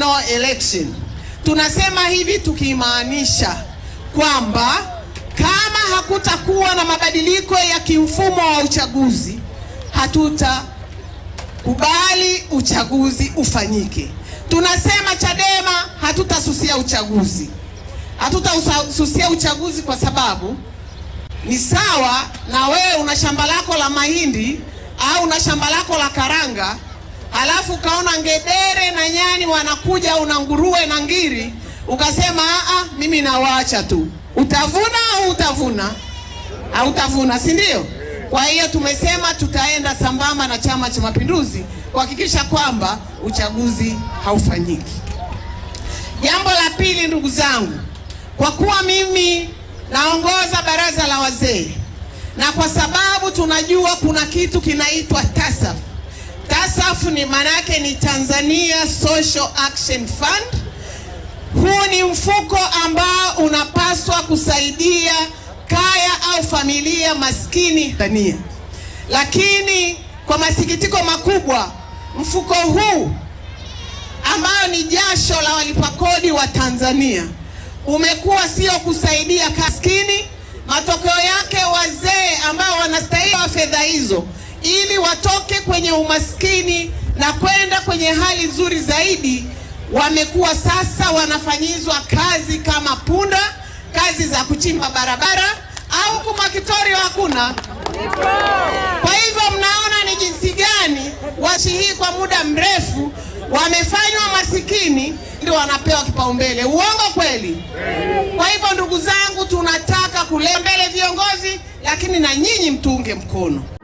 no election. Tunasema hivi tukimaanisha kwamba kama hakutakuwa na mabadiliko ya kimfumo wa uchaguzi, hatutakubali uchaguzi ufanyike. Tunasema Chadema hatutasusia uchaguzi, hatutasusia uchaguzi kwa sababu ni sawa na wewe una shamba lako la mahindi au una shamba lako la karanga halafu ukaona ngedere na nyani wanakuja, una nguruwe na ngiri, ukasema aa, mimi nawaacha tu. Utavuna au utavuna? utavuna, si ndio? Kwa hiyo tumesema tutaenda sambamba na Chama cha Mapinduzi kuhakikisha kwamba uchaguzi haufanyiki. Jambo la pili, ndugu zangu, kwa kuwa mimi naongoza baraza la wazee na kwa sababu tunajua kuna kitu kinaitwa TASAF TASAF ni manake ni Tanzania Social Action Fund. Huu ni mfuko ambao unapaswa kusaidia kaya au familia maskini Tanzania, lakini kwa masikitiko makubwa mfuko huu ambao ni jasho la walipakodi wa Tanzania umekuwa sio kusaidia maskini, matokeo yake kwenye umaskini na kwenda kwenye hali nzuri zaidi, wamekuwa sasa wanafanyizwa kazi kama punda, kazi za kuchimba barabara au kumakitorio hakuna. Kwa hivyo mnaona ni jinsi gani wachi hii kwa muda mrefu wamefanywa masikini ndio wanapewa kipaumbele. Uongo kweli? Kwa hivyo ndugu zangu, tunataka kulembele viongozi, lakini na nyinyi mtunge mkono.